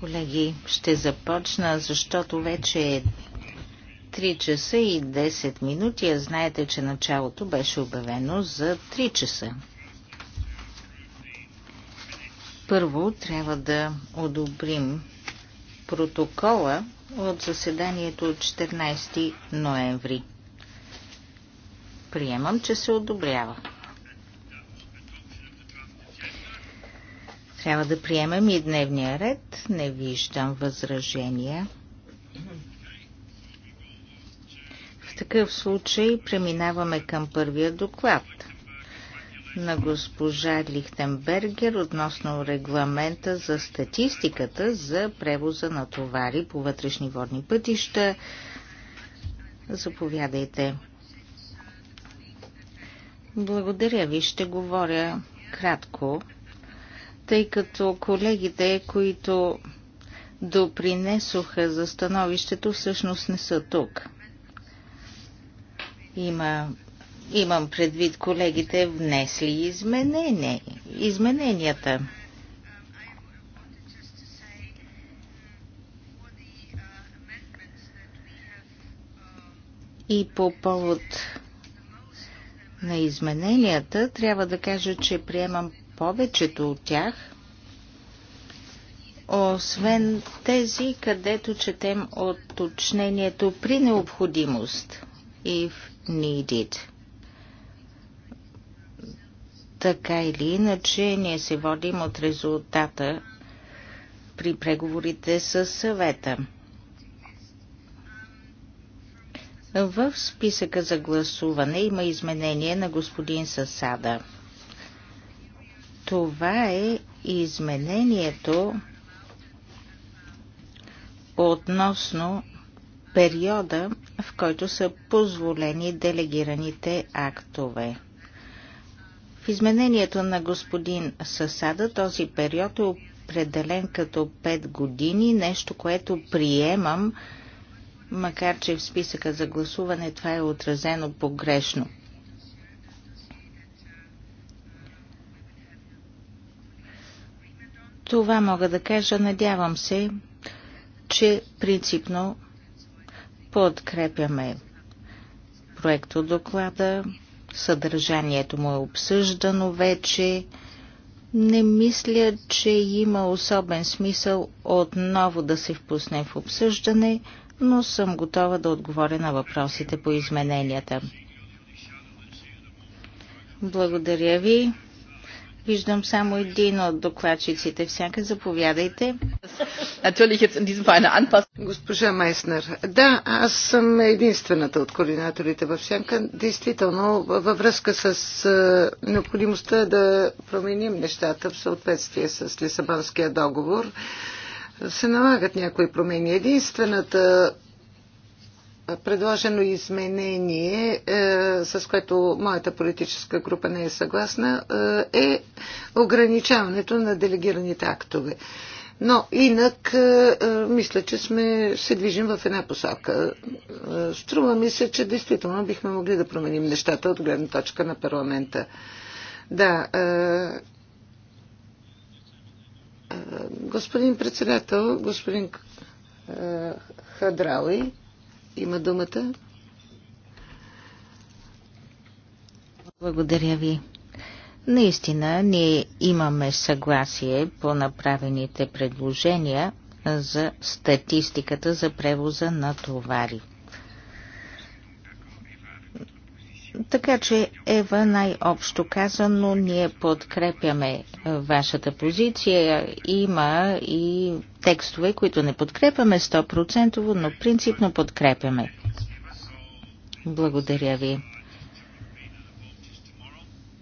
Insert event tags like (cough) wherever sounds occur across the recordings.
Колеги, ще започна, защото вече е 3 часа и 10 минути, а знаете, че началото беше обявено за 3 часа. Първо трябва да одобрим протокола от заседанието от 14 ноември. Приемам, че се одобрява. Трябва да приемем и дневния ред. Не виждам възражения. В такъв случай преминаваме към първия доклад на госпожа Лихтенбергер относно регламента за статистиката за превоза на товари по вътрешни водни пътища. Заповядайте. Благодаря ви. Ще говоря кратко, тъй като колегите, които допринесоха за становището, всъщност не са тук. Има, имам предвид колегите внесли изменение, измененията. И по повод на измененията трябва да кажа, че приемам повечето от тях, освен тези, където четем отточнението при необходимост, if needed. Така или иначе, ние се водим от резултата при преговорите с съвета. В списъка за гласуване има изменение на господин Сасада – това е изменението относно периода, в който са позволени делегираните актове. В изменението на господин Сасада този период е определен като 5 години, нещо, което приемам, макар че в списъка за гласуване това е отразено погрешно. Това мога да кажа. Надявам се, че принципно подкрепяме проекто доклада. Съдържанието му е обсъждано вече. Не мисля, че има особен смисъл отново да се впусне в обсъждане, но съм готова да отговоря на въпросите по измененията. Благодаря ви. Виждам само един от докладчиците. Всяка заповядайте. Госпожа Майснер, да, аз съм единствената от координаторите в Сянка. Действително, във връзка с необходимостта да променим нещата в съответствие с Лисабонския договор, се налагат някои промени. Единствената предложено изменение, е, с което моята политическа група не е съгласна, е, е ограничаването на делегираните актове. Но инак, е, мисля, че сме, се движим в една посока. Струва ми се, че действително бихме могли да променим нещата от гледна точка на парламента. Да. Господин председател, господин Хадрауи, има думата. Благодаря ви. Наистина, ние имаме съгласие по направените предложения за статистиката за превоза на товари. Така че, Ева, най-общо казано, ние подкрепяме вашата позиция. Има и текстове, които не подкрепяме 100%, но принципно подкрепяме. Благодаря ви.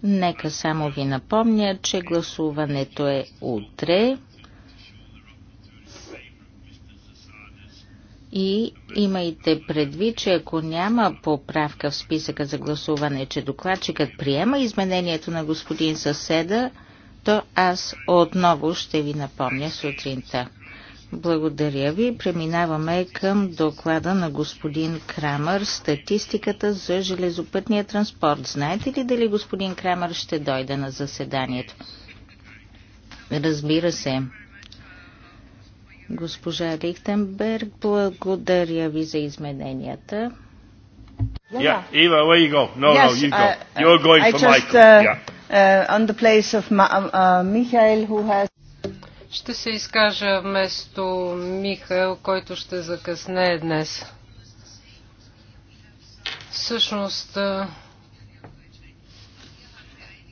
Нека само ви напомня, че гласуването е утре. И имайте предвид, че ако няма поправка в списъка за гласуване, че докладчикът приема изменението на господин съседа, то аз отново ще ви напомня сутринта. Благодаря ви. Преминаваме към доклада на господин Крамър, статистиката за железопътния транспорт. Знаете ли дали господин Крамър ще дойде на заседанието? Разбира се госпожа Рихтенберг. Благодаря ви за измененията. Yeah, Eva, where you go? No, yes, no, you go. I, uh, uh, You're going I for just, Michael. Uh, yeah. uh, on the place of Ma- uh, Michael, who has... Ще се изкажа вместо Михаил, който ще закъсне днес. Всъщност...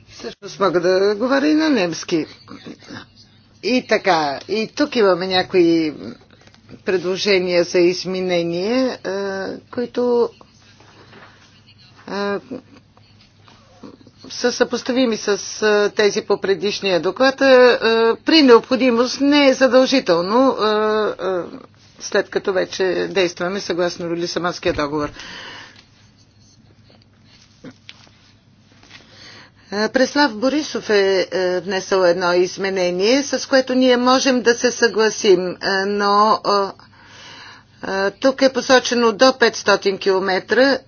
Всъщност мога да говоря и на немски. И така, и тук имаме някои предложения за изменение, които са съпоставими с тези по предишния доклад. При необходимост не е задължително, след като вече действаме съгласно Лисаманския договор. Е, Преслав Борисов е, е внесъл едно изменение, с което ние можем да се съгласим, е, но тук е посочено до 500 км,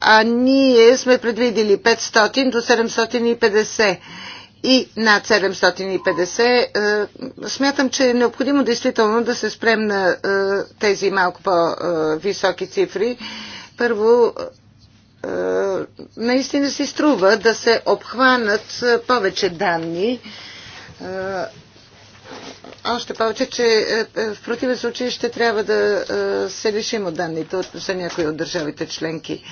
а ние сме предвидили 500 до 750 и над 750. Смятам, че е необходимо действително да се спрем на тези малко по-високи цифри. Първо, е, наистина си струва да се обхванат е, повече данни. Е, още повече, че в противен случай ще трябва да се лишим от данните от, за някои от държавите членки.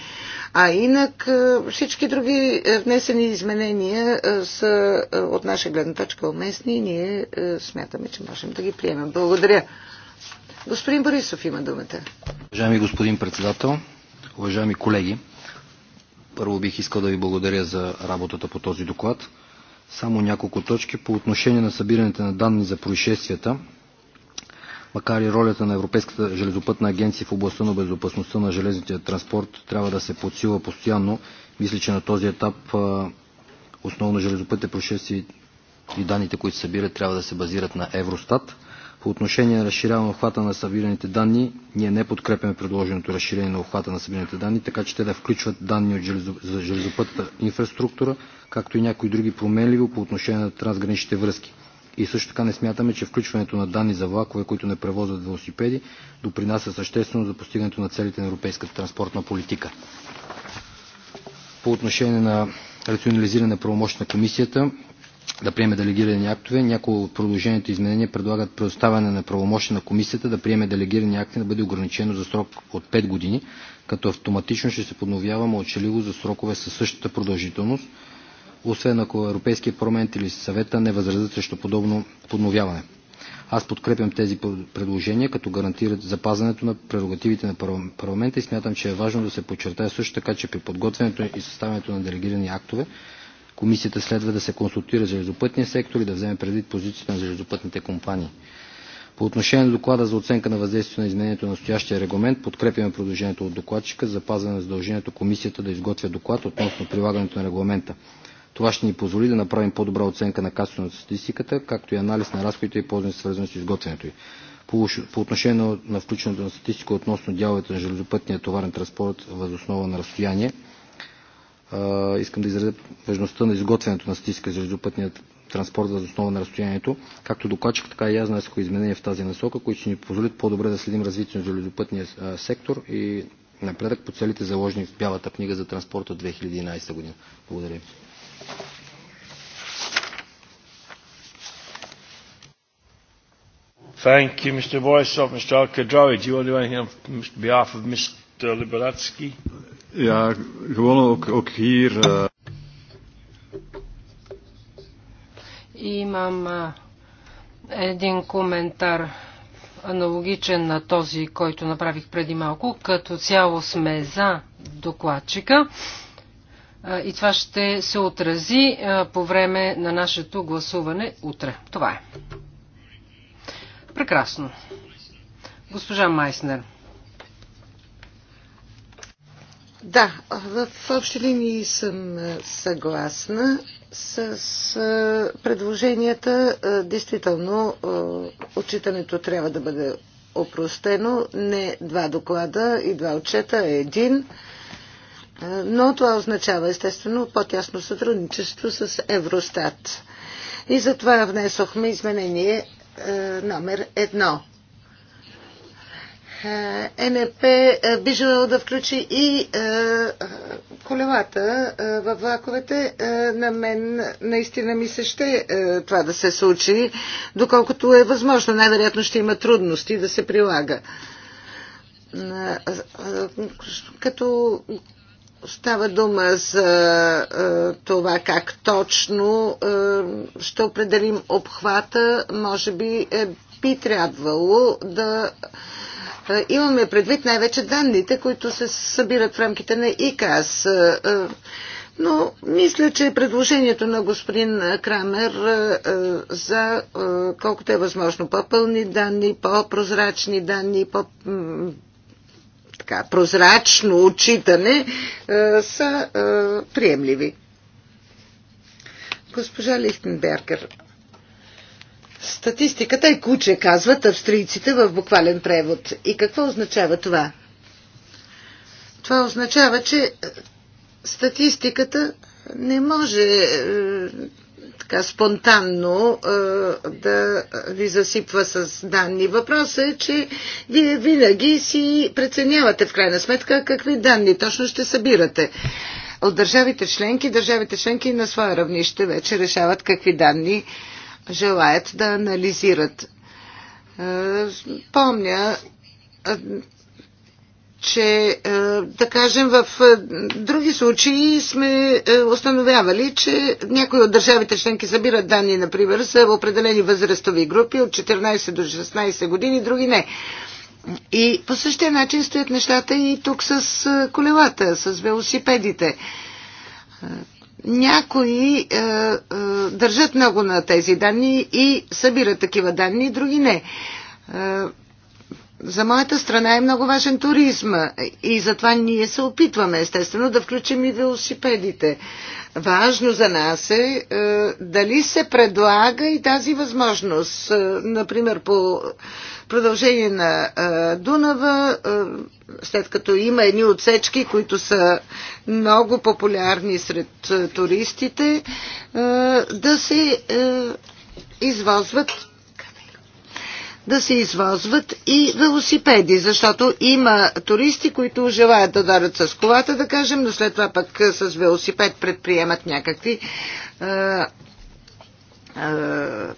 А инак всички други внесени изменения са от наша гледна точка уместни и ние смятаме, че можем да ги приемем. Благодаря. Господин Борисов има думата. Уважаеми господин председател, уважаеми колеги, първо бих искал да ви благодаря за работата по този доклад. Само няколко точки по отношение на събирането на данни за происшествията. Макар и ролята на Европейската железопътна агенция в областта на безопасността на железния транспорт трябва да се подсила постоянно, мисля, че на този етап основно железопътните происшествия и данните, които събират, трябва да се базират на Евростат. По отношение на разширяване обхвата на събираните данни, ние не подкрепяме предложеното разширение на обхвата на събираните данни, така че те да включват данни от железопътната инфраструктура, както и някои други променливи по отношение на трансграничните връзки. И също така не смятаме, че включването на данни за влакове, които не превозват велосипеди, допринася съществено за постигането на целите на европейската транспортна политика. По отношение на рационализиране на правомощ на комисията, да приеме делегирани актове. Някои от продължените изменения предлагат предоставяне на правомощие на комисията да приеме делегирани акти да бъде ограничено за срок от 5 години, като автоматично ще се подновява мълчаливо за срокове със същата продължителност, освен ако Европейския парламент или съвета не възразят срещу подобно подновяване. Аз подкрепям тези предложения, като гарантират запазването на прерогативите на парламента и смятам, че е важно да се подчертае също така, че при подготвянето и съставянето на делегирани актове Комисията следва да се консултира железопътния сектор и да вземе предвид позицията на железопътните компании. По отношение на доклада за оценка на въздействието на изменението на настоящия регламент, подкрепяме продължението от докладчика за запазване на задължението комисията да изготвя доклад относно прилагането на регламента. Това ще ни позволи да направим по-добра оценка на качеството на статистиката, както и анализ на разходите и ползите, свързани с изготвянето й. По отношение на включването на статистика относно дяловете на железопътния товарен транспорт въз основа на разстояние, искам да изразя важността на изготвянето на статистика за железопътния транспорт за основа на разстоянието. Както докладчик, така и аз внесох изменения в тази насока, които ще ни позволят по-добре да следим развитието на железопътния сектор и напредък по целите заложени в Бялата книга за транспорт от 2011 година. Благодаря Thank you, Mr. Boyce, Mr. Al-Kadrawi, do you want to do anything on behalf of Mr. Liberatsky? Ja, gewoon ook, ook hier. Uh... Имам а, един коментар аналогичен на този, който направих преди малко. Като цяло сме за докладчика и това ще се отрази по време на нашето гласуване утре. Това е. Прекрасно. Госпожа Майснер. Да, в общи линии съм съгласна с предложенията. Действително, отчитането трябва да бъде опростено. Не два доклада и два отчета, а един. Но това означава, естествено, по-тясно сътрудничество с Евростат. И затова внесохме изменение номер едно. Е, НП е, би желал да включи и е, колелата във влаковете. На мен наистина ми се ще това да се случи, доколкото е възможно. Най-вероятно ще има трудности да се прилага. Като Става дума за това как точно ще определим обхвата. Може би би трябвало да Имаме предвид най-вече данните, които се събират в рамките на ИКАС. Но мисля, че предложението на господин Крамер за колкото е възможно по-пълни данни, по-прозрачни данни, по така, прозрачно отчитане са приемливи. Госпожа Лихтенбергер, Статистиката е куче, казват австрийците в буквален превод. И какво означава това? Това означава, че е, статистиката не може е, така спонтанно е, да ви засипва с данни. Въпросът е, че вие винаги си преценявате в крайна сметка какви данни точно ще събирате. От държавите членки, държавите членки на своя равнище вече решават какви данни желаят да анализират. Е, помня, е, че е, да кажем в други случаи сме установявали, че някои от държавите членки събират данни, например, за определени възрастови групи от 14 до 16 години, други не. И по същия начин стоят нещата и тук с колелата, с велосипедите. Някои е, е, държат много на тези данни и събират такива данни, други не. Е, за моята страна е много важен туризма и затова ние се опитваме естествено да включим и велосипедите. Важно за нас е, е дали се предлага и тази възможност. Е, например, по продължение на Дунава, след като има едни отсечки, които са много популярни сред туристите, да се извозват да се извозват и велосипеди, защото има туристи, които желаят да дарят с колата, да кажем, но след това пък с велосипед предприемат някакви е, е,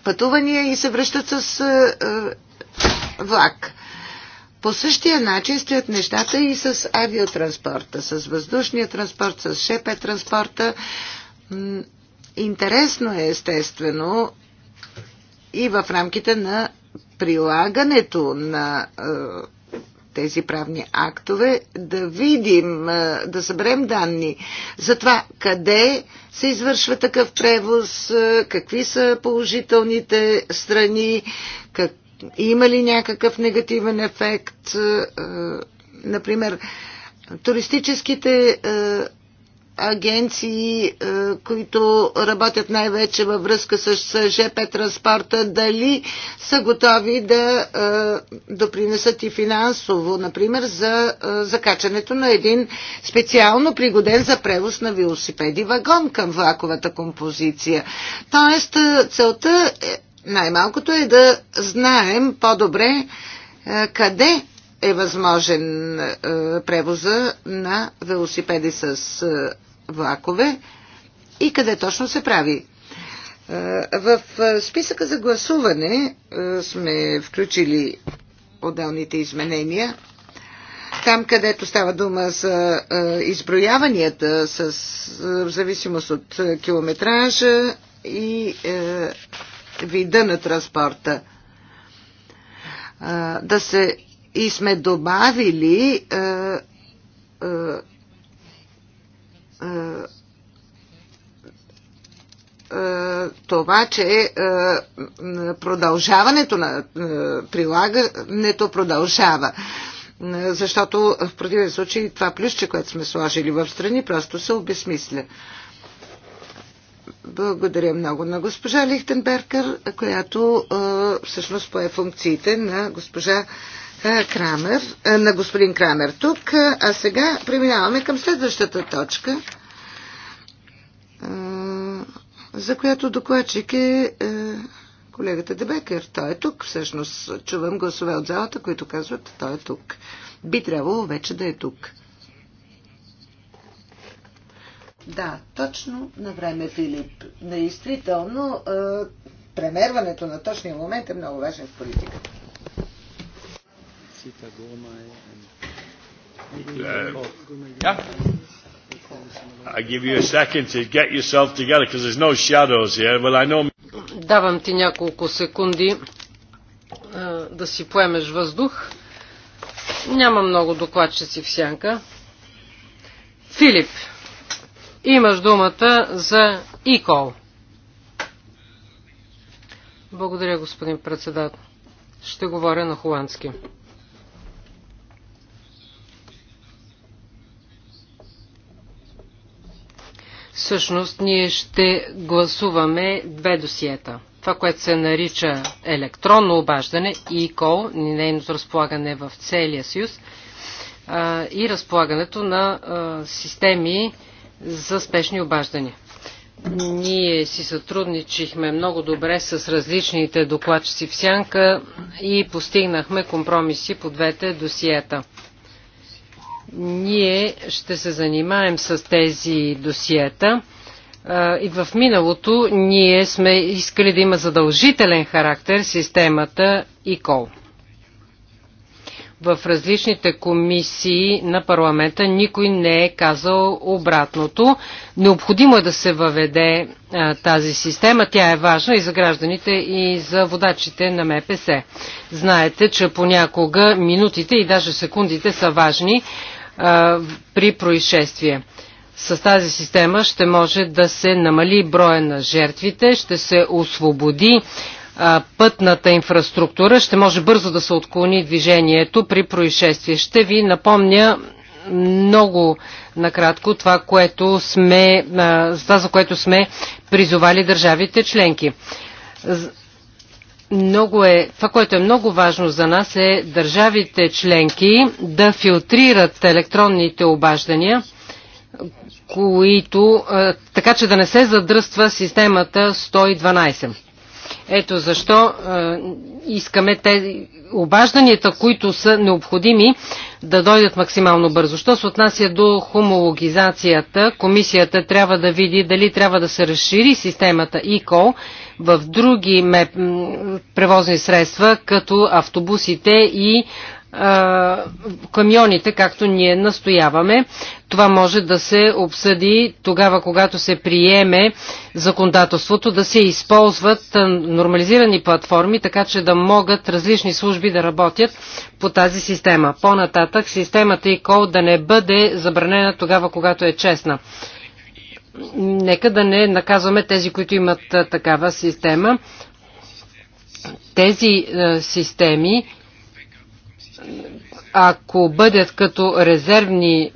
пътувания и се връщат с е, влак. По същия начин стоят нещата и с авиотранспорта, с въздушния транспорт, с ШП транспорта. Интересно е естествено и в рамките на прилагането на тези правни актове, да видим, да съберем данни за това къде се извършва такъв превоз, какви са положителните страни, как, има ли някакъв негативен ефект? Е, например, туристическите е, агенции, е, които работят най-вече във връзка с ЖП транспорта, дали са готови да допринесат и финансово, например, за закачането на един специално пригоден за превоз на велосипеди вагон към влаковата композиция. Тоест, целта най-малкото е да знаем по-добре е, къде е възможен е, превоза на велосипеди с е, влакове и къде точно се прави. В списъка за гласуване сме включили отделните изменения. Там, където става дума за изброяванията с, в зависимост от километража и вида на транспорта. Да се и сме добавили това, че продължаването на прилагането продължава. Защото в противен случай това плюсче, което сме сложили в страни, просто се обесмисля. Благодаря много на госпожа Лихтенбергер, която всъщност пое функциите на госпожа Крамер, на господин Крамер тук. А сега преминаваме към следващата точка, за която докладчик е колегата Дебекер. Той е тук. Всъщност чувам гласове от залата, които казват, той е тук. Би трябвало вече да е тук. Да, точно на време, Филип. Наистина, е, премерването на точния момент е много важен в политиката. Е- е, Давам ти няколко секунди да си поемеш въздух. Няма много докладчици в сянка. Филип. Имаш думата за ИКОЛ. Благодаря, господин председател. Ще говоря на холандски. Всъщност ние ще гласуваме две досиета. Това, което се нарича електронно обаждане, и кол, нейното разполагане в целия съюз и разполагането на системи, за спешни обаждания. Ние си сътрудничихме много добре с различните докладчици в сянка и постигнахме компромиси по двете досиета. Ние ще се занимаем с тези досиета. И в миналото ние сме искали да има задължителен характер системата ИКОЛ. E в различните комисии на парламента никой не е казал обратното. Необходимо е да се въведе а, тази система. Тя е важна и за гражданите, и за водачите на МПС. Знаете, че понякога минутите и даже секундите са важни а, при происшествие. С тази система ще може да се намали броя на жертвите, ще се освободи пътната инфраструктура, ще може бързо да се отклони движението при происшествие. Ще ви напомня много накратко това, което сме, това за което сме призовали държавите членки. Много е, това, което е много важно за нас е държавите членки да филтрират електронните обаждания, които, така че да не се задръства системата 112. Ето защо е, искаме те обажданията, които са необходими, да дойдат максимално бързо. Що се отнася до хомологизацията, комисията трябва да види дали трябва да се разшири системата ECOL в други превозни средства, като автобусите и е, камионите, както ние настояваме. Това може да се обсъди тогава, когато се приеме законодателството, да се използват нормализирани платформи, така че да могат различни служби да работят по тази система. По-нататък системата и кол да не бъде забранена тогава, когато е честна. Нека да не наказваме тези, които имат такава система. Тези системи ако бъдат като резервни, е,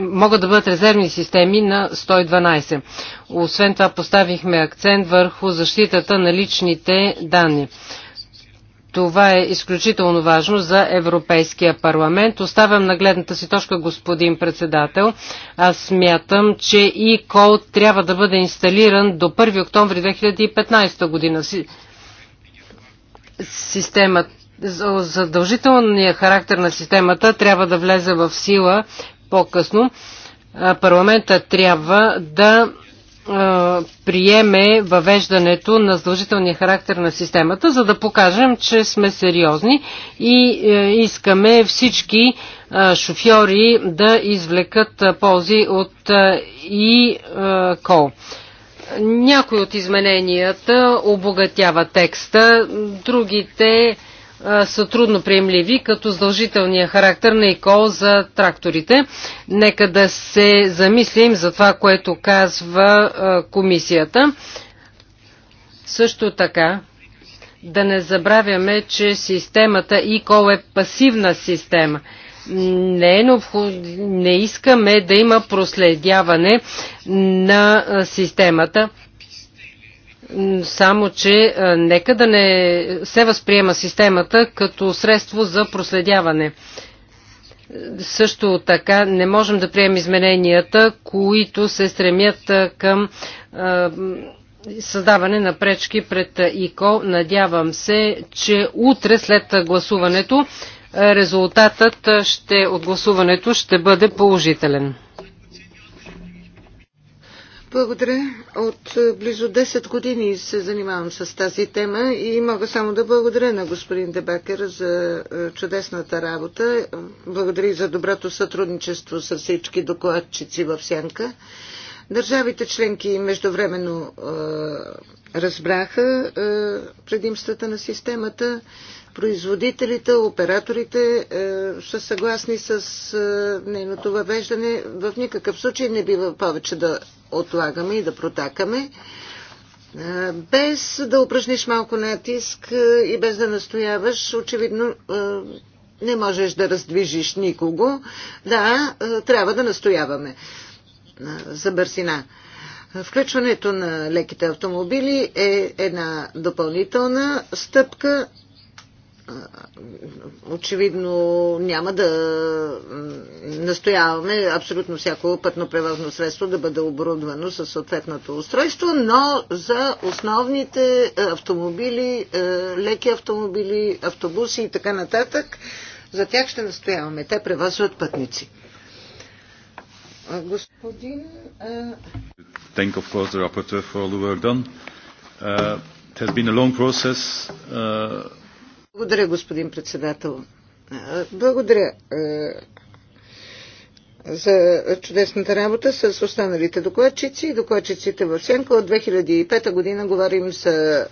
могат да бъдат резервни системи на 112. Освен това поставихме акцент върху защитата на личните данни. Това е изключително важно за Европейския парламент. Оставям на гледната си точка, господин председател. Аз смятам, че и код трябва да бъде инсталиран до 1 октомври 2015 година. Системата задължителният характер на системата трябва да влезе в сила по-късно. Парламента трябва да приеме въвеждането на задължителния характер на системата, за да покажем, че сме сериозни и е, искаме всички шофьори да извлекат ползи от и кол. Някои от измененията обогатяват текста, другите са трудно приемливи, като задължителния характер на ИКО за тракторите. Нека да се замислим за това, което казва комисията. Също така, да не забравяме, че системата ИКО е пасивна система. Не, е необход... не искаме да има проследяване на системата. Само, че нека да не се възприема системата като средство за проследяване. Също така не можем да приемем измененията, които се стремят към създаване на пречки пред ИКО. Надявам се, че утре след гласуването резултатът ще, от гласуването ще бъде положителен. Благодаря. От е, близо 10 години се занимавам с тази тема и мога само да благодаря на господин Дебакер за е, чудесната работа. Благодаря и за доброто сътрудничество с всички докладчици в Сянка. Държавите членки междувременно е, разбраха предимствата на системата производителите, операторите е, са съгласни с е, нейното въвеждане. В никакъв случай не бива повече да отлагаме и да протакаме. Е, без да упражниш малко натиск е, и без да настояваш, очевидно е, не можеш да раздвижиш никого. Да, е, трябва да настояваме е, за бързина. Включването на леките автомобили е една допълнителна стъпка очевидно няма да настояваме абсолютно всяко пътно превозно средство да бъде оборудвано със съответното устройство, но за основните е, автомобили, е, леки автомобили, автобуси и така нататък, за тях ще настояваме. Те превозват пътници. Господин... Е, Thank of course the rapporteur for all the work done. Uh, it has been a long process uh, благодаря, господин председател. Благодаря за чудесната работа с останалите докладчици и докладчиците в Сенка. От 2005 година говорим за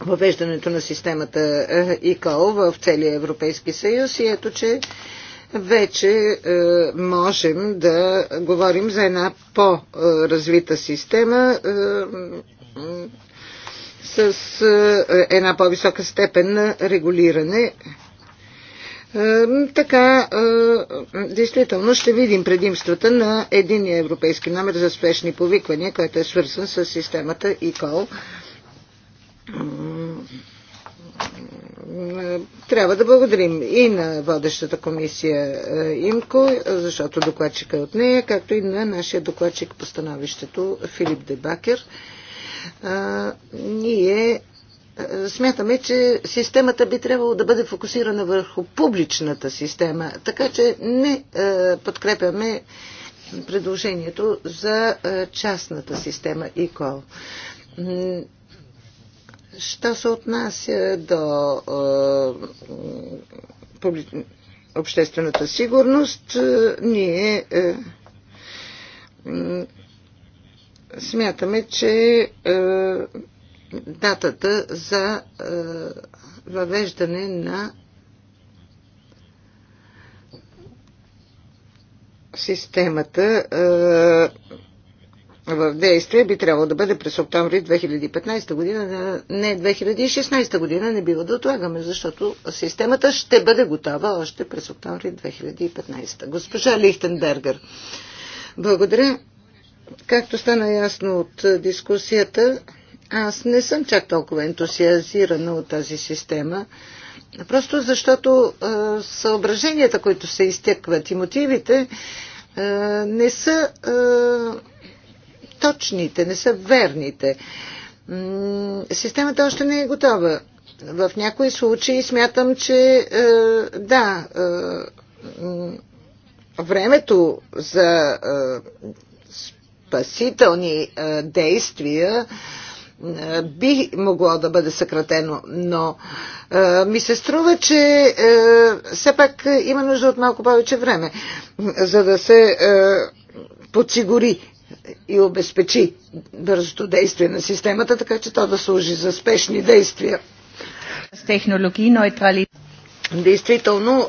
въвеждането на системата ИКО в целия Европейски съюз и ето, че вече е, можем да говорим за една по-развита система. Е, с е, е, една по-висока степен на регулиране. Е, така, действително ще видим предимствата на единия европейски номер за спешни повиквания, който е свързан с системата ECOL трябва да благодарим и на водещата комисия ИМКО, защото докладчика е от нея, както и на нашия докладчик по становището Филип Дебакер ние смятаме, че системата би трябвало да бъде фокусирана върху публичната система, така че не подкрепяме предложението за частната система ИКОЛ. Що се отнася до обществената сигурност, ние смятаме, че е, датата за е, въвеждане на системата е, в действие би трябвало да бъде през октомври 2015 година, не 2016 година, не бива да отлагаме, защото системата ще бъде готова още през октомври 2015. Госпожа Лихтенбергер, благодаря. Както стана ясно от дискусията, аз не съм чак толкова ентусиазирана от тази система, просто защото е, съображенията, които се изтекват и мотивите, е, не са е, точните, не са верните. М- системата още не е готова. В някои случаи смятам, че е, да, е, времето за е, спасителни е, действия е, би могло да бъде съкратено, но а, е, ми се струва, че а, все пак има нужда от малко повече време, за да се а, подсигури и обезпечи бързото действие на системата, така че то да служи за спешни действия. С технологии неутрали. Действително,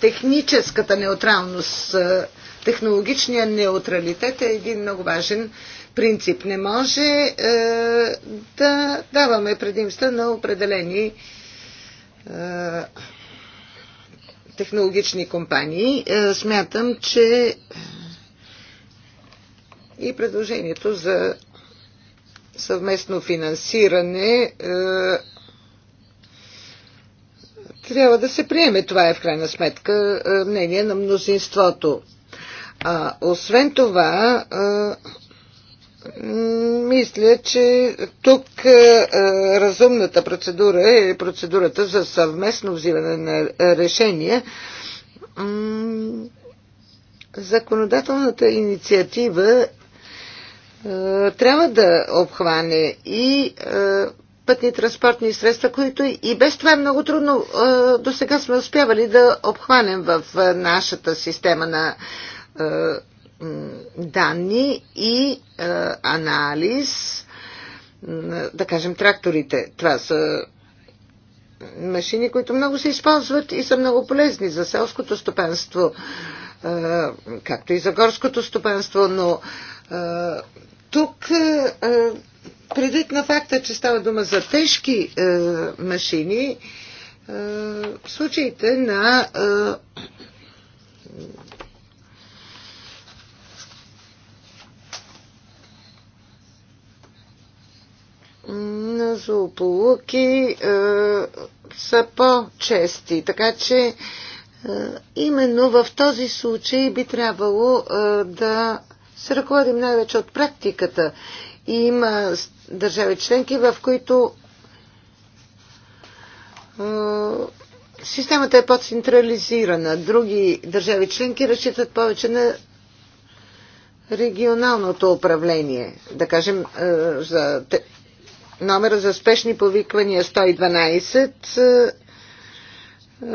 техническата неутралност технологичния неутралитет е един много важен принцип. Не може е, да даваме предимства на определени е, технологични компании. Е, смятам, че е, и предложението за съвместно финансиране е, трябва да се приеме. Това е в крайна сметка е, мнение на мнозинството. А, освен това, а, мисля, че тук а, разумната процедура е процедурата за съвместно взимане на решения. Законодателната инициатива а, трябва да обхване и а, пътни транспортни средства, които и без това е много трудно. До сега сме успявали да обхванем в нашата система на е, данни и е, анализ. Да кажем, тракторите. Това са машини, които много се използват и са много полезни за селското стопанство, е, както и за горското стопанство, но тук предвид на факта, че става дума за тежки машини, случаите на на злополуки е, са по-чести. Така че е, именно в този случай би трябвало е, да се ръководим най-вече от практиката. И има държави членки, в които е, системата е по-централизирана. Други държави членки разчитат повече на регионалното управление, да кажем, е, за номера за спешни повиквания 112 е, е,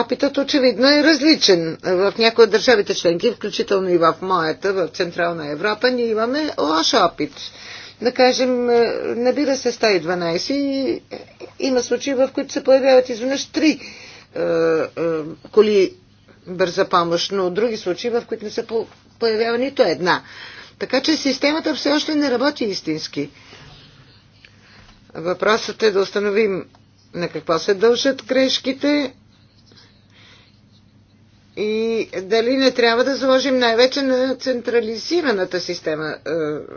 опитът очевидно е различен. В някои от държавите членки, включително и в моята, в Централна Европа, ние имаме лош опит. Да кажем, е, набира се 112 и има случаи, в които се появяват изведнъж три коли бърза помощ, но други случаи, в които не се появява нито една. Така че системата все още не работи истински. Въпросът е да установим на какво се дължат грешките и дали не трябва да заложим най-вече на централизираната система е,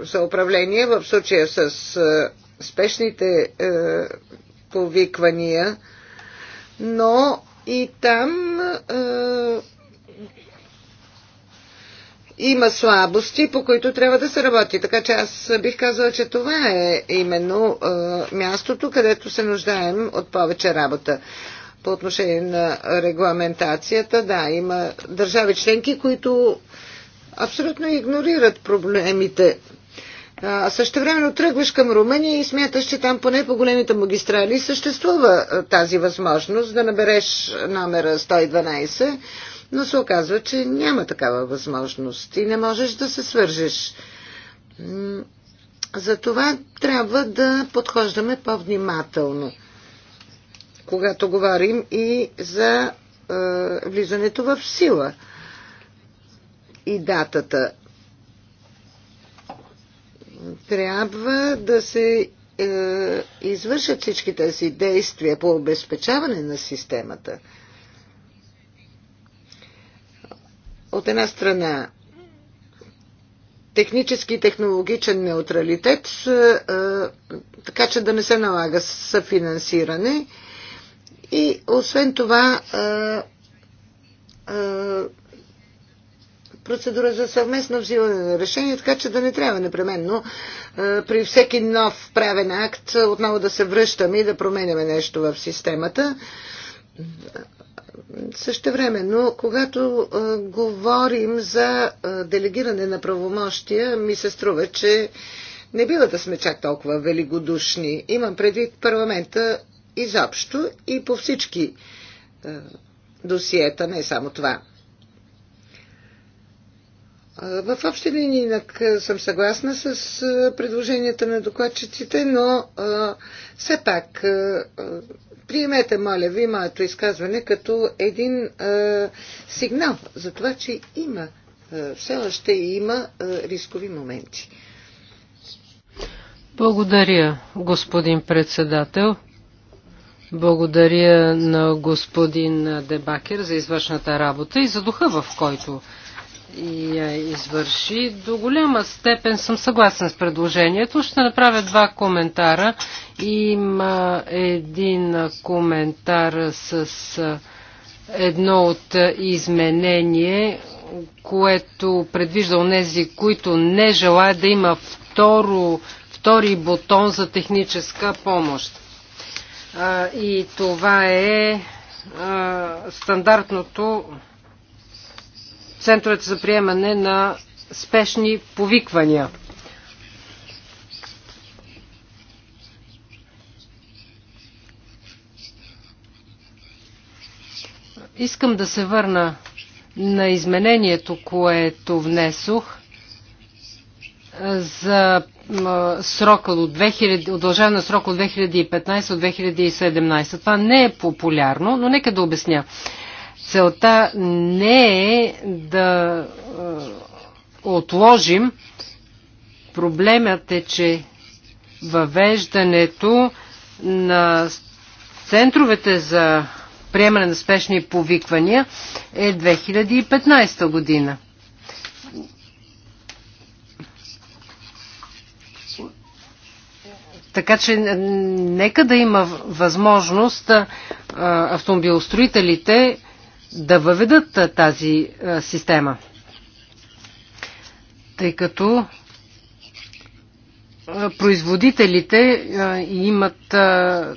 за управление, в случая с е, спешните е, повиквания, но и там е, има слабости, по които трябва да се работи. Така че аз бих казала, че това е именно е, мястото, където се нуждаем от повече работа. По отношение на регламентацията, да, има държави членки, които абсолютно игнорират проблемите. А също времено тръгваш към Румъния и смяташ, че там поне по големите магистрали съществува тази възможност да набереш номера 112 но се оказва, че няма такава възможност и не можеш да се свържеш. Затова трябва да подхождаме по-внимателно, когато говорим и за е, влизането в сила и датата. Трябва да се е, извършат всички тези действия по обезпечаване на системата. От една страна технически и технологичен неутралитет, е, е, така че да не се налага съфинансиране. И освен това, е, процедура за съвместно взимане на решение, така че да не трябва непременно при всеки нов правен акт отново да се връщаме и да променяме нещо в системата. Също време, но когато а, говорим за а, делегиране на правомощия, ми се струва, че не бива да сме чак толкова великодушни. Имам предвид парламента изобщо и по всички а, досиета, не само това. В общи линии съм съгласна с предложенията на докладчиците, но все пак Приемете, моля ви, моето изказване като един е, сигнал за това, че има, е, все още има е, рискови моменти. Благодаря, господин председател. Благодаря на господин Дебакер за извършната работа и за духа, в който и я извърши. До голяма степен съм съгласен с предложението. Ще направя два коментара. Има един коментар с едно от изменение, което предвижда онези, които не желаят да има второ, втори бутон за техническа помощ. И това е стандартното центровете за приемане на спешни повиквания. Искам да се върна на изменението, което внесох за срока от 2000, удължаване на срока от 2015 от 2017. Това не е популярно, но нека да обясня. Целта не е да е, отложим. Проблемът е, че въвеждането на центровете за приемане на спешни повиквания е 2015 година. Така че нека да има възможност автомобилостроителите да въведат тази система. Тъй като производителите имат, трябва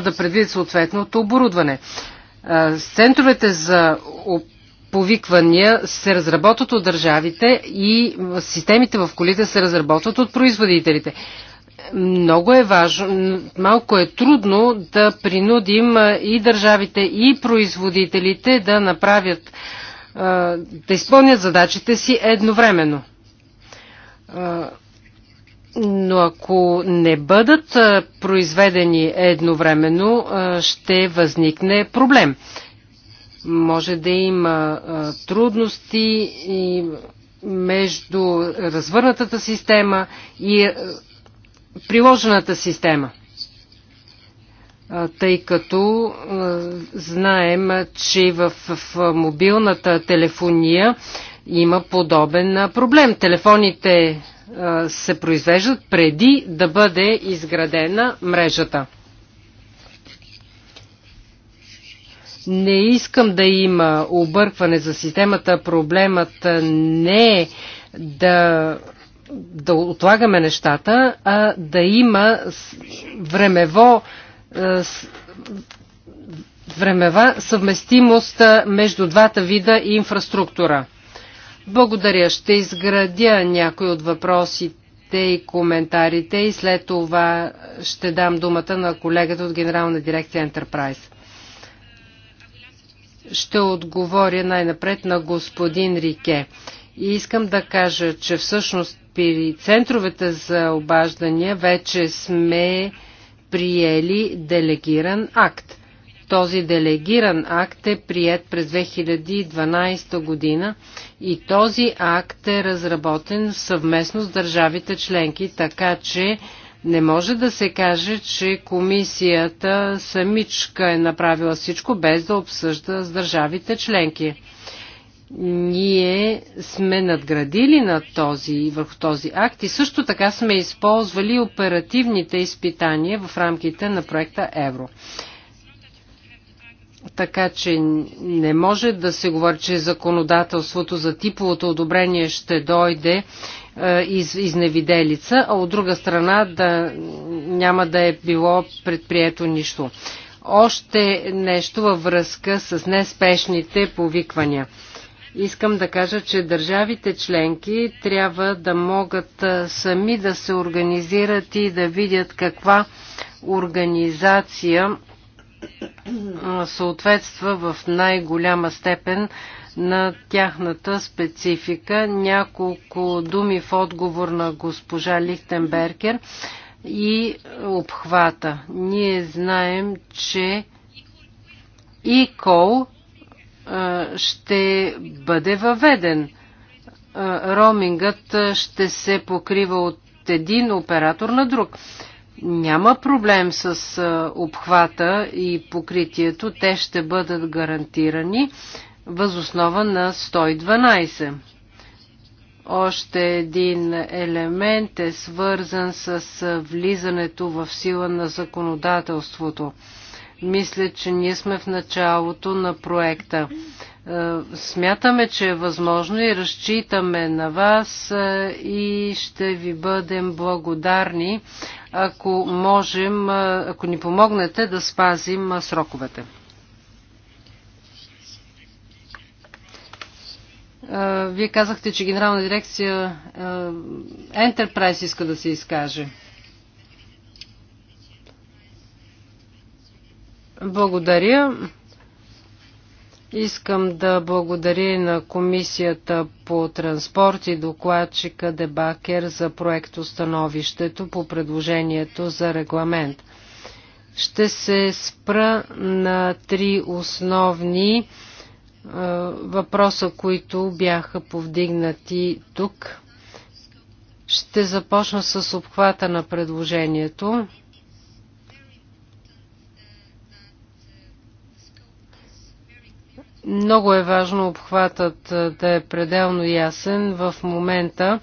да предвидят съответното оборудване. Центровете за повиквания се разработват от държавите и системите в колите се разработват от производителите много е важно, малко е трудно да принудим и държавите, и производителите да направят, да изпълнят задачите си едновременно. Но ако не бъдат произведени едновременно, ще възникне проблем. Може да има трудности между развърнатата система и приложената система. Тъй като знаем, че в мобилната телефония има подобен проблем. Телефоните се произвеждат преди да бъде изградена мрежата. Не искам да има объркване за системата. Проблемът не е да да отлагаме нещата, а да има времево е, времева съвместимост е, между двата вида и инфраструктура. Благодаря. Ще изградя някои от въпросите и коментарите и след това ще дам думата на колегата от Генерална дирекция Enterprise. Ще отговоря най-напред на господин Рике. И искам да кажа, че всъщност при центровете за обаждания вече сме приели делегиран акт. Този делегиран акт е прият през 2012 година и този акт е разработен съвместно с държавите членки, така че не може да се каже, че комисията самичка е направила всичко без да обсъжда с държавите членки ние сме надградили на този, върху този акт и също така сме използвали оперативните изпитания в рамките на проекта Евро. Така че не може да се говори, че законодателството за типовото одобрение ще дойде е, из, изневиделица, а от друга страна да няма да е било предприето нищо. Още нещо във връзка с неспешните повиквания – Искам да кажа, че държавите членки трябва да могат сами да се организират и да видят каква организация съответства в най-голяма степен на тяхната специфика. Няколко думи в отговор на госпожа Лихтенбергер и обхвата. Ние знаем, че ИКОЛ e ще бъде въведен. Ромингът ще се покрива от един оператор на друг. Няма проблем с обхвата и покритието. Те ще бъдат гарантирани възоснова на 112. Още един елемент е свързан с влизането в сила на законодателството – мисля, че ние сме в началото на проекта. Е, смятаме, че е възможно и разчитаме на вас е, и ще ви бъдем благодарни, ако можем, е, ако ни помогнете да спазим сроковете. Вие казахте, че генерална дирекция Enterprise иска да се изкаже. Благодаря. Искам да благодаря на Комисията по транспорт и докладчика Дебакер за установището по предложението за регламент. Ще се спра на три основни е, въпроса, които бяха повдигнати тук. Ще започна с обхвата на предложението. Много е важно обхватът да е пределно ясен. В момента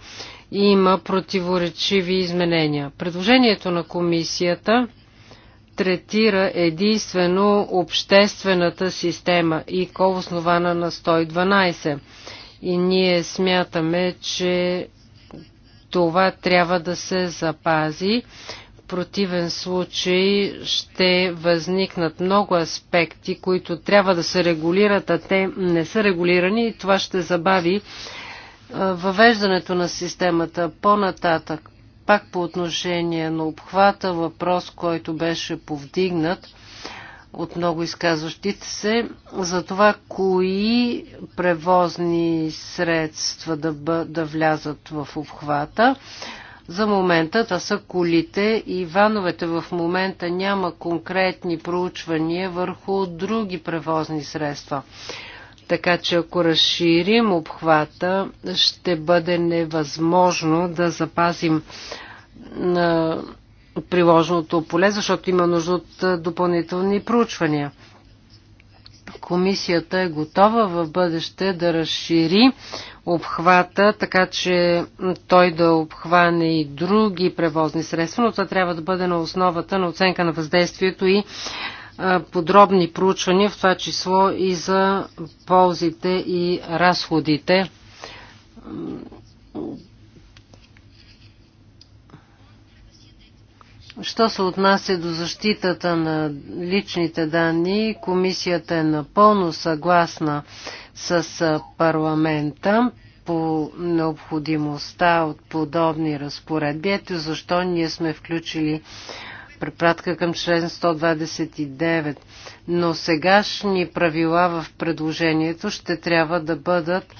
има противоречиви изменения. Предложението на комисията третира единствено обществената система и ко основана на 112. И ние смятаме, че това трябва да се запази противен случай ще възникнат много аспекти, които трябва да се регулират, а те не са регулирани и това ще забави въвеждането на системата по-нататък. Пак по отношение на обхвата, въпрос, който беше повдигнат от много изказващите се, за това кои превозни средства да, бъ, да влязат в обхвата. За момента това са колите и вановете. В момента няма конкретни проучвания върху други превозни средства. Така че ако разширим обхвата, ще бъде невъзможно да запазим приложеното поле, защото има нужда от допълнителни проучвания комисията е готова в бъдеще да разшири обхвата, така че той да обхване и други превозни средства, но това трябва да бъде на основата на оценка на въздействието и подробни проучвания, в това число и за ползите и разходите Що се отнася до защитата на личните данни, комисията е напълно съгласна с парламента по необходимостта от подобни разпоредби. Ето защо ние сме включили препратка към член 129. Но сегашни правила в предложението ще трябва да бъдат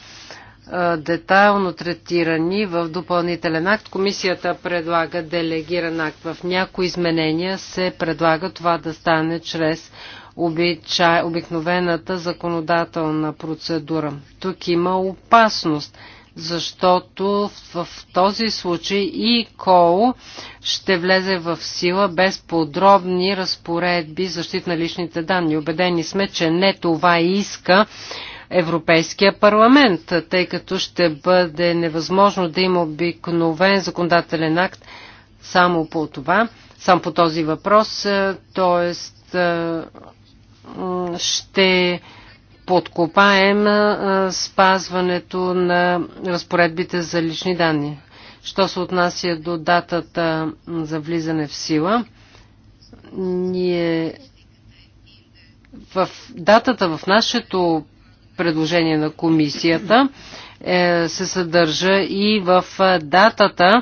детайлно третирани в допълнителен акт. Комисията предлага делегиран акт. В някои изменения се предлага това да стане чрез обичай, обикновената законодателна процедура. Тук има опасност, защото в, в този случай и КОЛ ще влезе в сила без подробни разпоредби защит на личните данни. Обедени сме, че не това иска Европейския парламент, тъй като ще бъде невъзможно да има обикновен законодателен акт само по това, само по този въпрос, т.е. Е, ще подкопаем е, спазването на разпоредбите за лични данни. Що се отнася до датата за влизане в сила, ние в датата в нашето предложение на комисията е, се съдържа и в е, датата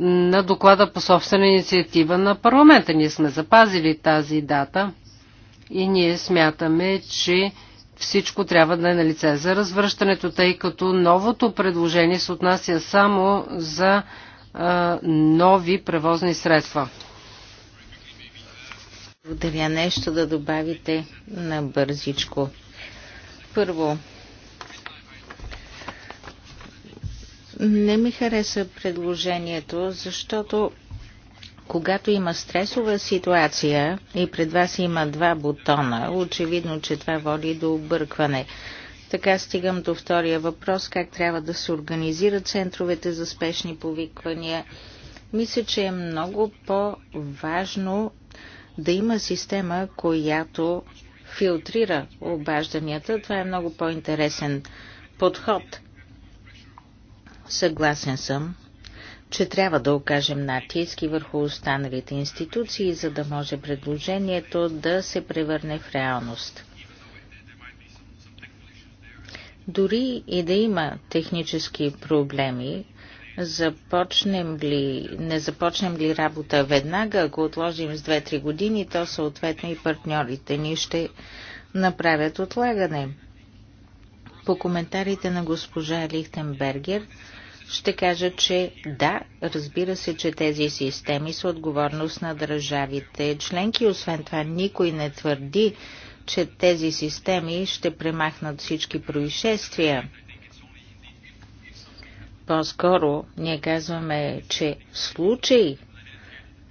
на доклада по собствена инициатива на парламента. Ние сме запазили тази дата и ние смятаме, че всичко трябва да е на лице за развръщането, тъй като новото предложение се отнася само за а, е, нови превозни средства. Благодаря нещо да добавите на бързичко. Първо, не ми хареса предложението, защото когато има стресова ситуация и пред вас има два бутона, очевидно, че това води до объркване. Така стигам до втория въпрос, как трябва да се организират центровете за спешни повиквания. Мисля, че е много по-важно да има система, която филтрира обажданията. Това е много по-интересен подход. Съгласен съм, че трябва да окажем натиски върху останалите институции, за да може предложението да се превърне в реалност. Дори и да има технически проблеми, започнем ли, не започнем ли работа веднага, ако отложим с 2-3 години, то съответно и партньорите ни ще направят отлагане. По коментарите на госпожа Лихтенбергер ще кажа, че да, разбира се, че тези системи са отговорност на държавите членки. Освен това, никой не твърди, че тези системи ще премахнат всички происшествия. По-скоро ние казваме, че в случай,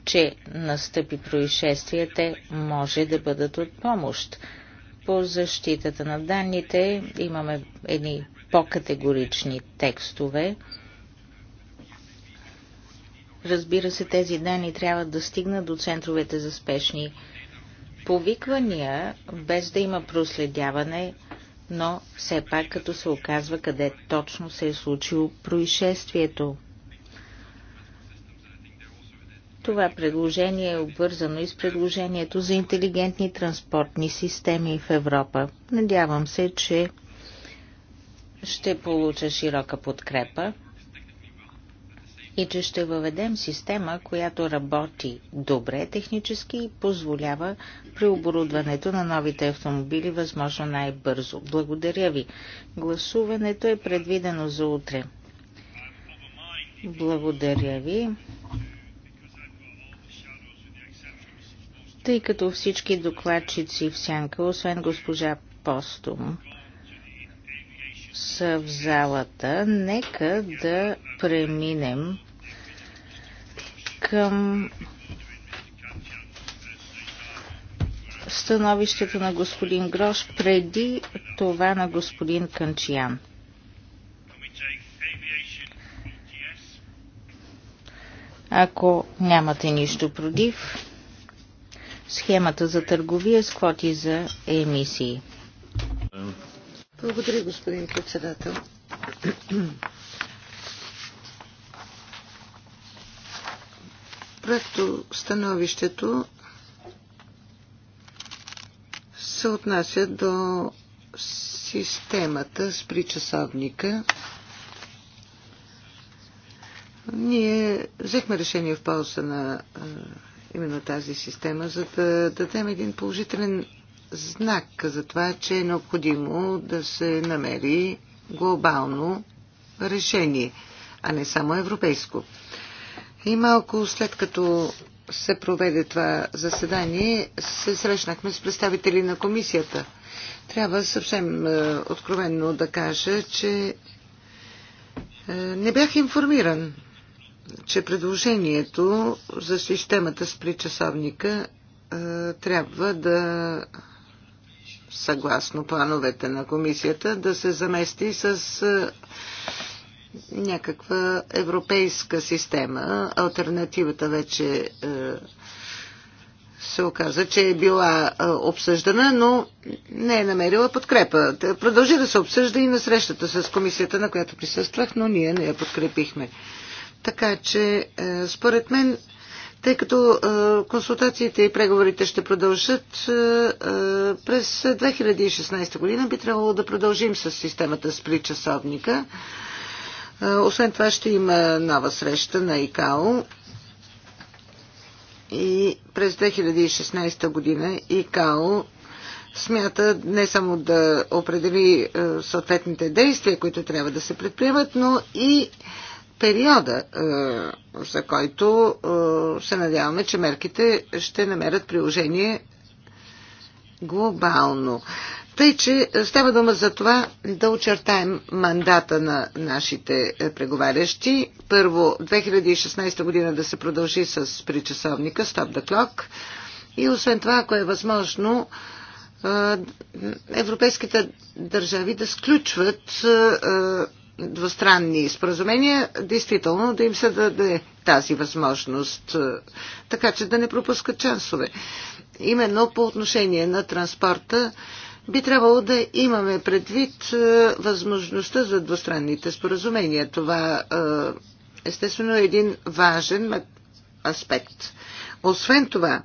че настъпи происшествията, те може да бъдат от помощ. По защитата на данните имаме едни по-категорични текстове. Разбира се, тези данни трябва да стигнат до центровете за спешни повиквания, без да има проследяване но все пак като се оказва къде точно се е случило происшествието. Това предложение е обвързано и с предложението за интелигентни транспортни системи в Европа. Надявам се, че ще получа широка подкрепа и че ще въведем система, която работи добре технически и позволява преоборудването на новите автомобили възможно най-бързо. Благодаря ви. Гласуването е предвидено за утре. Благодаря ви. Тъй като всички докладчици в сянка, освен госпожа Постум, са в залата, нека да преминем към становището на господин Грош преди това на господин Канчиян. Ако нямате нищо против, схемата за търговия с квоти за емисии. Благодаря, господин председател. Проекто становището се отнася до системата с причасовника. Ние взехме решение в полза на именно тази система, за да дадем един положителен знак за това, че е необходимо да се намери глобално решение, а не само европейско. И малко след като се проведе това заседание, се срещнахме с представители на комисията. Трябва съвсем е, откровенно да кажа, че е, не бях информиран, че предложението за системата с причасовника е, трябва да, съгласно плановете на комисията, да се замести с някаква европейска система. Альтернативата вече е, се оказа, че е била е, обсъждана, но не е намерила подкрепа. Продължи да се обсъжда и на срещата с комисията, на която присъствах, но ние не я подкрепихме. Така че, е, според мен, тъй като консултациите и преговорите ще продължат през 2016 година, би трябвало да продължим с системата с причасовника. часовника освен това ще има нова среща на ИКАО и през 2016 година ИКАО смята не само да определи е, съответните действия, които трябва да се предприемат, но и периода, е, за който е, се надяваме, че мерките ще намерят приложение глобално. Тъй, че е, става дума за това да очертаем мандата на нашите е, преговарящи. Първо, 2016 година да се продължи с причасовника Stop the Clock. И освен това, ако е възможно, е, европейските държави да сключват двустранни споразумения, действително да им се даде тази възможност, така че да не пропускат чансове. Именно по отношение на транспорта би трябвало да имаме предвид е, възможността за двустранните споразумения. Това е, естествено е един важен аспект. Освен това,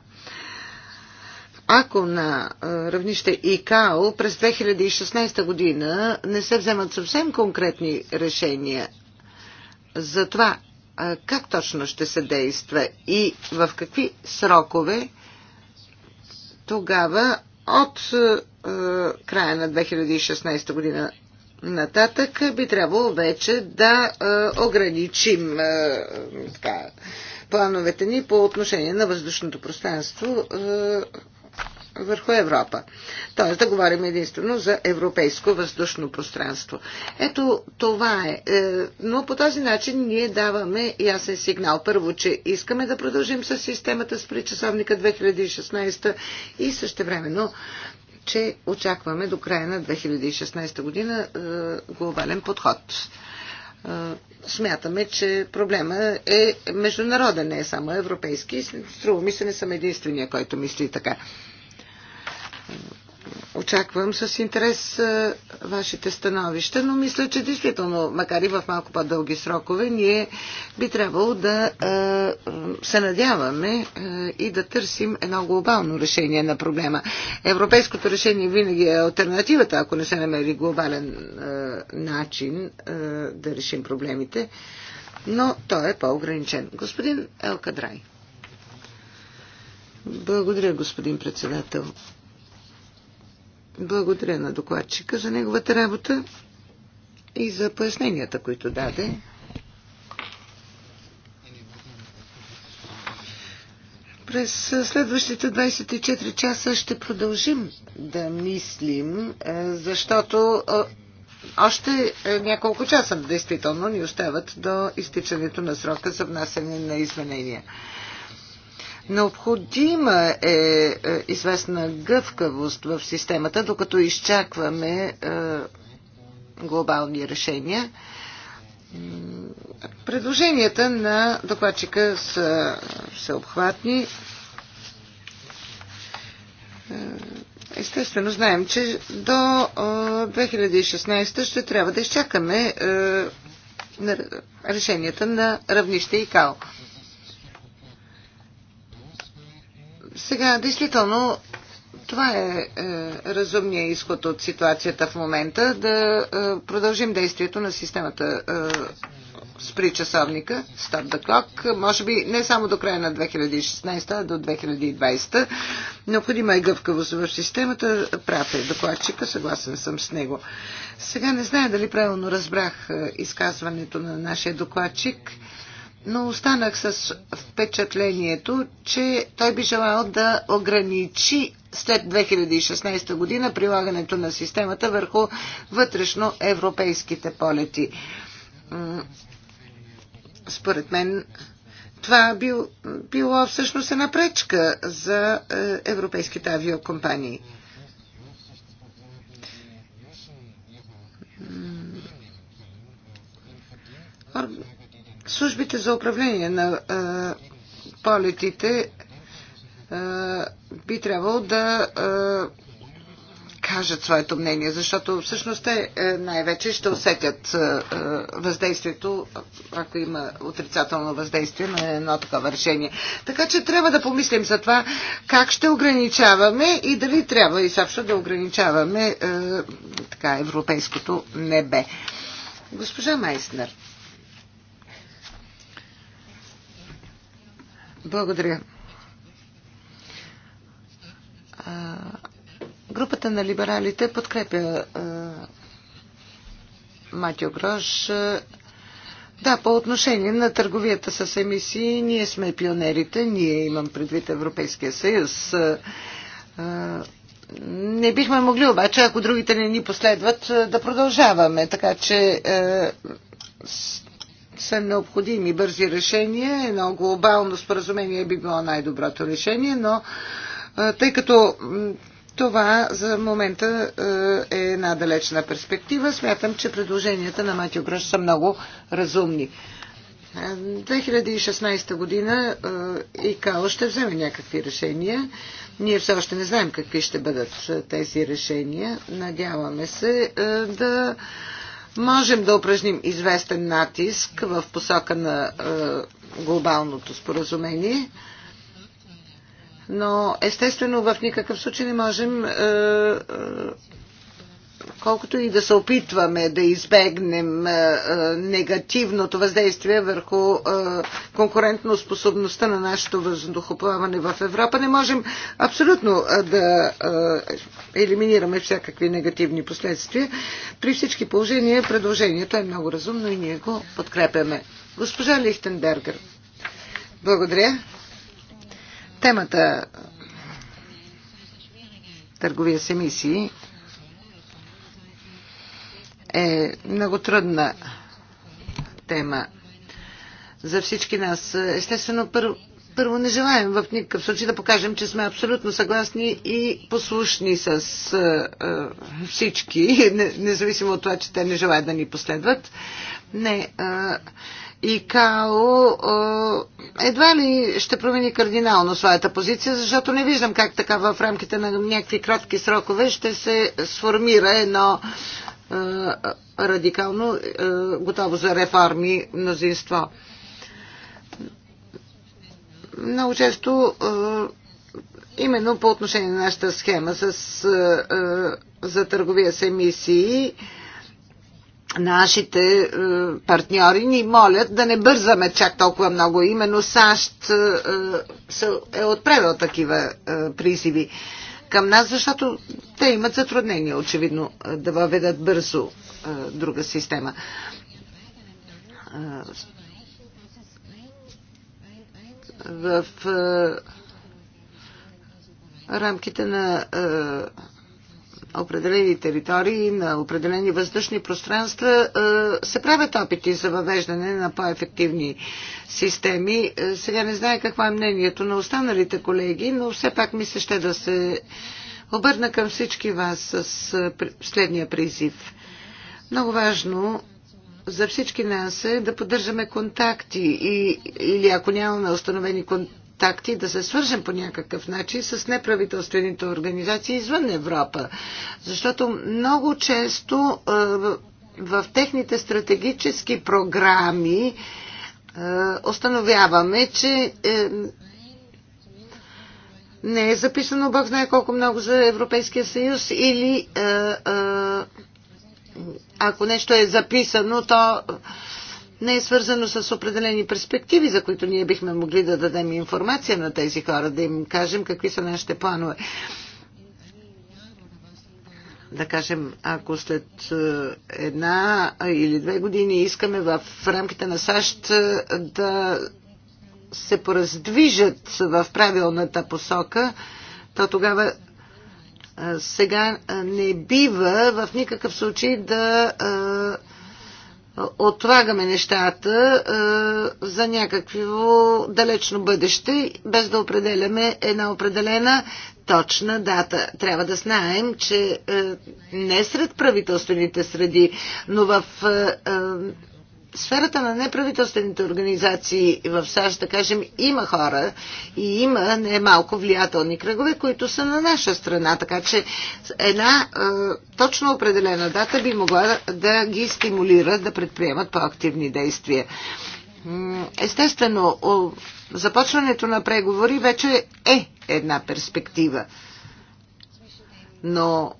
ако на е, равнище ИКАО през 2016 година не се вземат съвсем конкретни решения за това как точно ще се действа и в какви срокове, тогава от е, края на 2016 година нататък би трябвало вече да е, ограничим е, така, плановете ни по отношение на въздушното пространство върху Европа. Тоест да говорим единствено за европейско въздушно пространство. Ето това е. Но по този начин ние даваме ясен сигнал. Първо, че искаме да продължим с системата с причасовника 2016 и също времено че очакваме до края на 2016 година е, глобален подход. Е, смятаме, че проблема е международен, не е само европейски. Струва ми се, не съм единствения, който мисли така. Очаквам с интерес вашите становища, но мисля, че действително, макар и в малко по-дълги срокове, ние би трябвало да се надяваме и да търсим едно глобално решение на проблема. Европейското решение винаги е альтернативата, ако не се намери глобален начин да решим проблемите, но той е по-ограничен. Господин Елкадрай. Благодаря, господин председател. Благодаря на докладчика за неговата работа и за поясненията, които даде. През следващите 24 часа ще продължим да мислим, е, защото е, още е, няколко часа действително ни остават до изтичането на срока за внасяне на изменения. Необходима е, е известна гъвкавост в системата, докато изчакваме е, глобални решения. Предложенията на докладчика са всеобхватни. Е, естествено, знаем, че до 2016 ще трябва да изчакаме решенията на равнище ИКАО. Сега, действително, това е, е разумният изход от ситуацията в момента, да е, продължим действието на системата е, спри часовника, Stop the Clock, може би не само до края на 2016, а до 2020. Необходима е гъвкавост в системата, прав е докладчика, съгласен съм с него. Сега не зная дали правилно разбрах е, изказването на нашия докладчик. Е, но останах с впечатлението, че той би желал да ограничи след 2016 година прилагането на системата върху вътрешно европейските полети. Според мен това бил, било всъщност една пречка за е, европейските авиокомпании. Орган Службите за управление на а, полетите а, би трябвало да а, кажат своето мнение, защото всъщност те е, най-вече ще усетят въздействието, ако има отрицателно въздействие на едно такова решение. Така че трябва да помислим за това как ще ограничаваме и дали трябва също да ограничаваме е, така, европейското небе. Госпожа Майснер. Благодаря. А, групата на либералите подкрепя а, Матио Грош. А, да, по отношение на търговията с емисии, ние сме пионерите, ние имам предвид Европейския съюз. не бихме могли обаче, ако другите не ни последват, да продължаваме. Така че са необходими бързи решения. Едно глобално споразумение би било най-доброто решение, но тъй като това за момента е една далечна перспектива, смятам, че предложенията на Матио Грош са много разумни. 2016 година ИКАО ще вземе някакви решения. Ние все още не знаем какви ще бъдат тези решения. Надяваме се да можем да упражним известен натиск в посока на е, глобалното споразумение, но естествено в никакъв случай не можем е, е, колкото и да се опитваме да избегнем негативното въздействие върху конкурентно способността на нашето въздухоплаване в Европа, не можем абсолютно да елиминираме всякакви негативни последствия. При всички положения предложението е много разумно и ние го подкрепяме. Госпожа Лихтенбергер, благодаря. Темата търговия с емисии е много трудна тема за всички нас. Естествено, първо, първо не желаем в никакъв случай да покажем, че сме абсолютно съгласни и послушни с е, е, всички, (laughs) независимо от това, че те не желаят да ни последват. Не. Е, и Као е, едва ли ще промени кардинално своята позиция, защото не виждам как така в рамките на някакви кратки срокове ще се сформира едно радикално готово за реформи мнозинство. Много често именно по отношение на нашата схема с, за търговия с емисии нашите партньори ни молят да не бързаме чак толкова много. Именно САЩ е отправил такива призиви към нас, защото те имат затруднения, очевидно, да въведат бързо друга система. В рамките на определени територии, на определени въздушни пространства е, се правят опити за въвеждане на по-ефективни системи. Е, сега не знае какво е мнението на останалите колеги, но все пак ми се ще да се обърна към всички вас с е, следния призив. Много важно за всички нас е да поддържаме контакти и, или ако нямаме установени контакти, контакти, да се свържем по някакъв начин с неправителствените организации извън Европа. Защото много често е, в техните стратегически програми е, установяваме, че е, не е записано Бог знае колко много за Европейския съюз или ако нещо е записано, то не е свързано с определени перспективи, за които ние бихме могли да дадем информация на тези хора, да им кажем какви са нашите планове. Да кажем, ако след е, една или две години искаме в рамките на САЩ е, да се пораздвижат в правилната посока, то тогава е, сега не бива в никакъв случай да отлагаме нещата а, за някакво далечно бъдеще, без да определяме една определена точна дата. Трябва да знаем, че а, не сред правителствените среди, но в а, сферата на неправителствените организации в САЩ, да кажем, има хора и има немалко влиятелни кръгове, които са на наша страна, така че една е, точно определена дата би могла да ги стимулира да предприемат по-активни действия. Естествено, започването на преговори вече е една перспектива. Но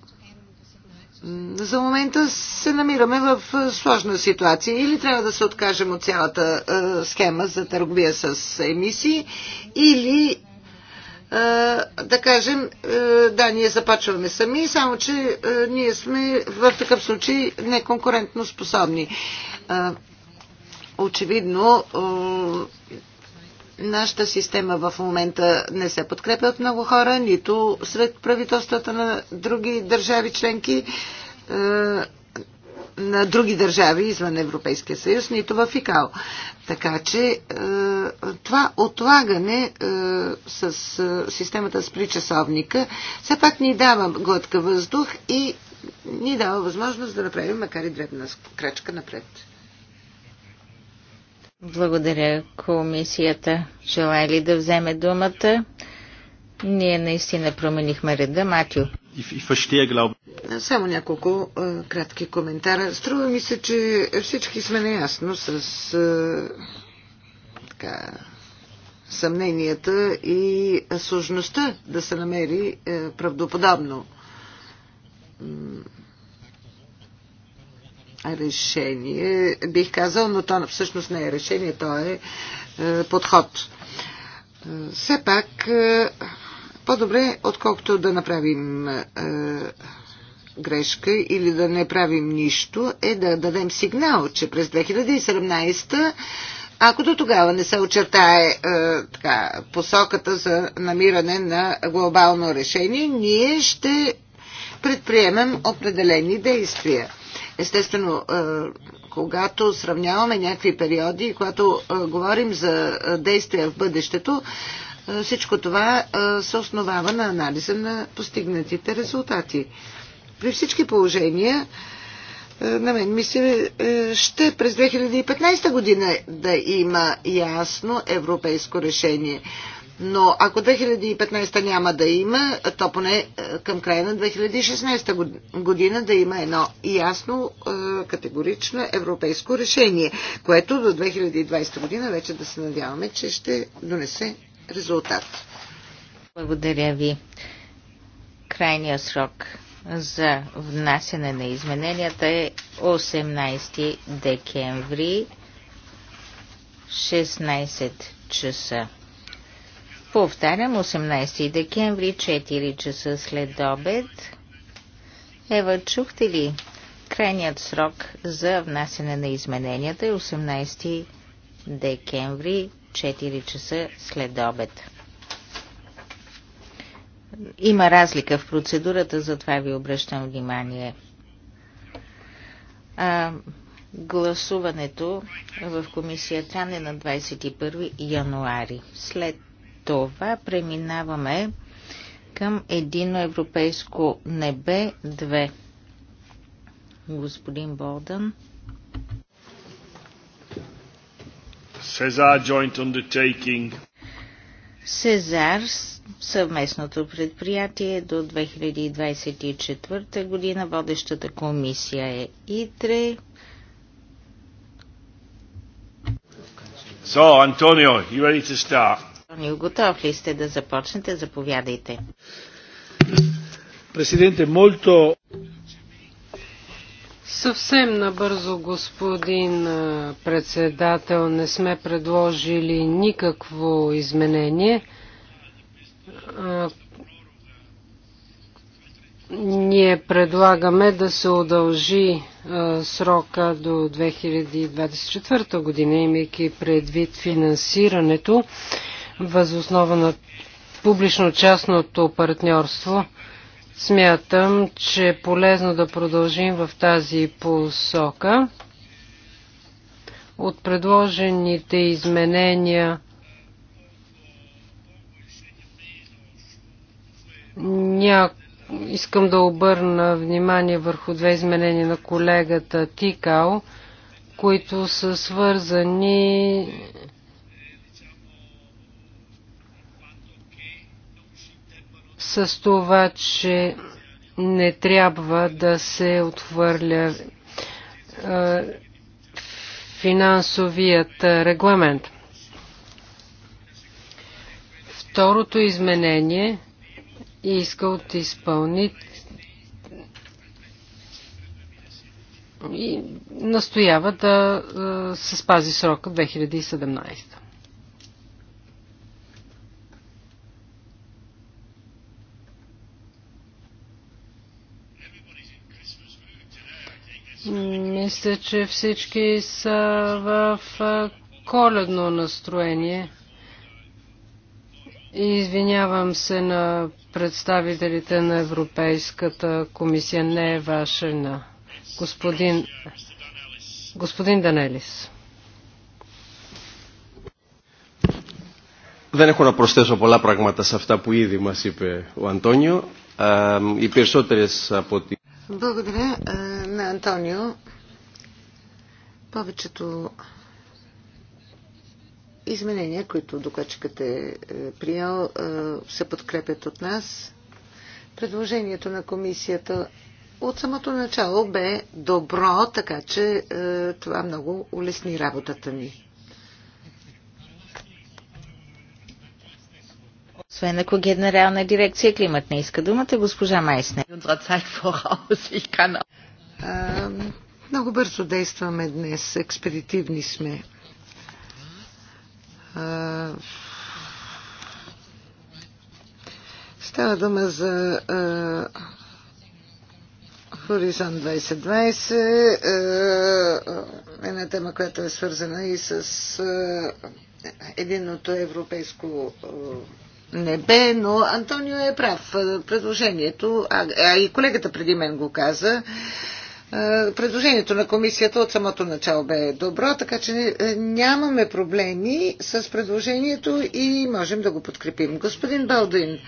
за момента се намираме в е, сложна ситуация. Или трябва да се откажем от цялата е, схема за търговия с емисии, или е, да кажем, да, ние започваме сами, само че ние сме в такъв случай неконкурентно способни. Очевидно, Нашата система в момента не се подкрепя от много хора, нито сред правителствата на други държави членки, е, на други държави извън Европейския съюз, нито в ИКАО. Така че е, това отлагане е, с системата с причасовника все пак ни дава глътка въздух и ни дава възможност да направим макар и дребна крачка напред. Благодаря комисията. Желая ли да вземе думата? Ние наистина променихме реда, Матю. Само няколко а, кратки коментара. Струва ми се, че всички сме наясно с а, така, съмненията и сложността да се намери а, правдоподобно решение, бих казал, но то всъщност не е решение, то е, е подход. Е, все пак, е, по-добре, отколкото да направим грешка или да не правим нищо, е да дадем сигнал, че през 2017 ако до тогава не се очертае е, така, посоката за намиране на глобално решение, ние ще предприемем определени действия. Естествено, е, когато сравняваме някакви периоди когато е, говорим за е, действия в бъдещето, всичко това се основава на анализа на постигнатите резултати. При всички положения, на мен ми се ще през 2015 година да има ясно европейско решение. Но ако 2015 няма да има, то поне е, към края на 2016 година да има едно ясно, е, категорично европейско решение, което до 2020 година вече да се надяваме, че ще донесе резултат. Благодаря ви. Крайният срок за внасяне на измененията е 18 декември 16 часа. Повтарям, 18 декември, 4 часа след обед. Ева, чухте ли? Крайният срок за внасяне на измененията е 18 декември, 4 часа след обед. Има разлика в процедурата, затова ви обръщам внимание. А, гласуването в комисията е на 21 януари, след това преминаваме към едино европейско небе 2. Господин Болдън. Сезар Joint Undertaking. Сезар, съвместното предприятие до 2024 година, водещата комисия е ИТРЕ. So, Antonio, you ready to start? Антонио, готов ли сте да започнете? Заповядайте. Президенте, молто... Съвсем набързо, господин председател, не сме предложили никакво изменение. Ние предлагаме да се удължи срока до 2024 година, имайки предвид финансирането възоснова на публично-частното партньорство. Смятам, че е полезно да продължим в тази посока. От предложените изменения ня... искам да обърна внимание върху две изменения на колегата Тикал, които са свързани с това, че не трябва да се отхвърля е, финансовият регламент. Второто изменение иска от изпълнит и настоява да е, се спази срока 2017. Мисля, че всички са в коледно настроение. Извинявам се на представителите на Европейската комисия. Не е ваша на господин, господин Данелис. Δεν έχω να προσθέσω πολλά πράγματα σε αυτά που ήδη μας είπε ο Αντώνιο. Οι περισσότερες από τη... Благодаря на Антонио. Повечето изменения, които докладчикът е, е приял, е, се подкрепят от нас. Предложението на комисията от самото начало бе добро, така че е, това много улесни работата ни. Освен ако генерална дирекция климат не иска думата, госпожа Майсне. (laughs) Много бързо действаме днес, експедитивни сме. Става дума за Хоризонт 2020, една тема, която е свързана и с единното европейско небе, но Антонио е прав. Предложението, а, а и колегата преди мен го каза, е, предложението на комисията от самото начало бе добро, така че е, нямаме проблеми с предложението и можем да го подкрепим. Господин Балдин,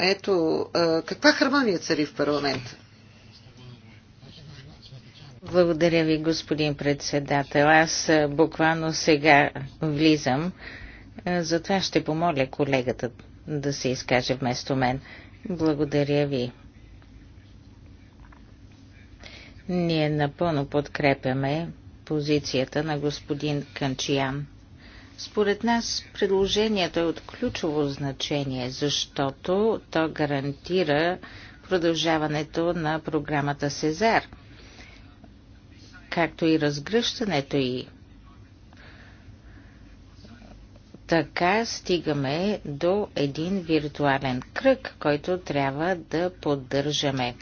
ето, е, каква хармония цари в парламента? Благодаря ви, господин председател. Аз буквално сега влизам. Затова ще помоля колегата да се изкаже вместо мен. Благодаря ви. Ние напълно подкрепяме позицията на господин Канчиян. Според нас предложението е от ключово значение, защото то гарантира продължаването на програмата Сезар, както и разгръщането й. Така стигаме до един виртуален кръг, който трябва да поддържаме.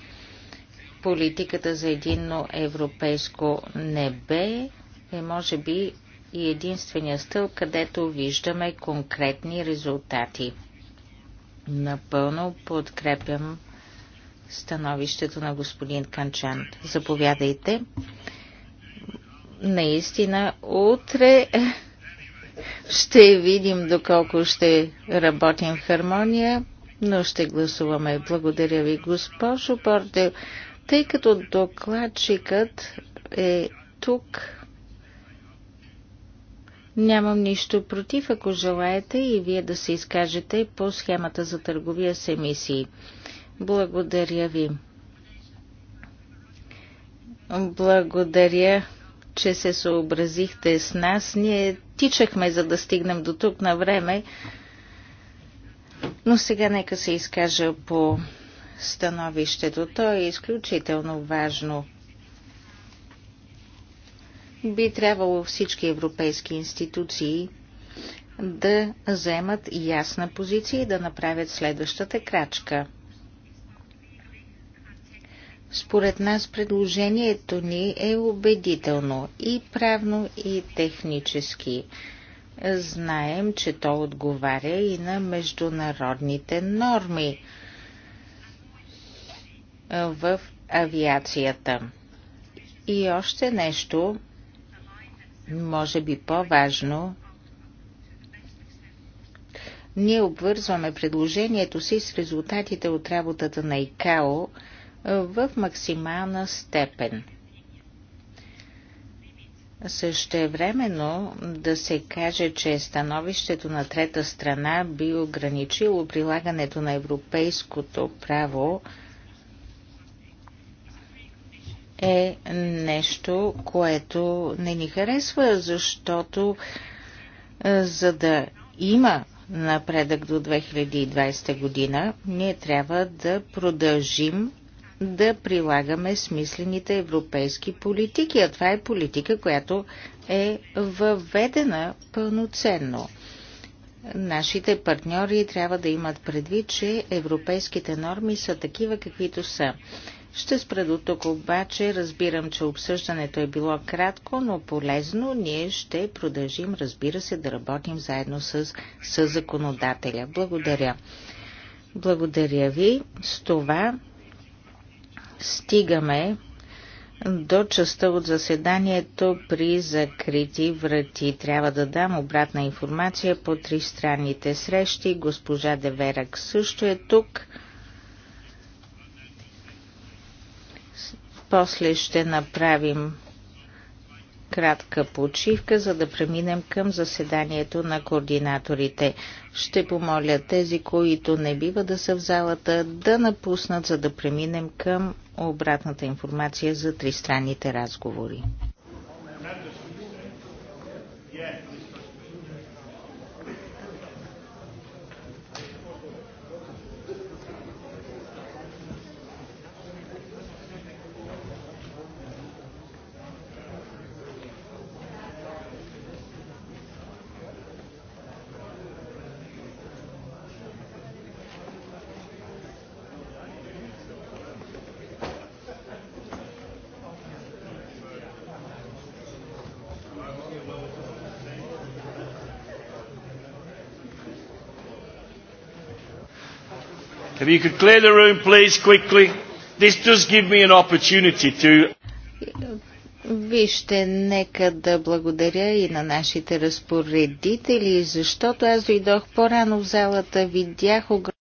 Политиката за единно европейско небе е може би и единствения стъл, където виждаме конкретни резултати. Напълно подкрепям становището на господин Канчан. Заповядайте. Наистина, утре ще видим доколко ще работим в хармония, но ще гласуваме. Благодаря ви, госпожо Бордел. Тъй като докладчикът е тук, нямам нищо против, ако желаете и вие да се изкажете по схемата за търговия с емисии. Благодаря ви. Благодаря, че се съобразихте с нас. Ние тичахме, за да стигнем до тук на време, но сега нека се изкажа по становището. То е изключително важно. Би трябвало всички европейски институции да вземат ясна позиция и да направят следващата крачка. Според нас предложението ни е убедително и правно, и технически. Знаем, че то отговаря и на международните норми в авиацията. И още нещо, може би по-важно, ние обвързваме предложението си с резултатите от работата на ИКАО в максимална степен. Същевременно да се каже, че становището на трета страна би ограничило прилагането на европейското право е нещо, което не ни харесва, защото е, за да има напредък до 2020 година, ние трябва да продължим да прилагаме смислените европейски политики, а това е политика, която е въведена пълноценно. Нашите партньори трябва да имат предвид, че европейските норми са такива, каквито са. Ще спра до тук обаче. Разбирам, че обсъждането е било кратко, но полезно. Ние ще продължим, разбира се, да работим заедно с, с законодателя. Благодаря. Благодаря ви. С това стигаме до частта от заседанието при закрити врати. Трябва да дам обратна информация по три странните срещи. Госпожа Деверак също е тук. После ще направим кратка почивка, за да преминем към заседанието на координаторите. Ще помоля тези, които не бива да са в залата, да напуснат, за да преминем към обратната информация за тристранните разговори. If you could clear the room, please, quickly. This does give me an opportunity to... Вижте, нека да благодаря и на нашите разпоредители, защото аз дойдох по-рано в залата, видях огромно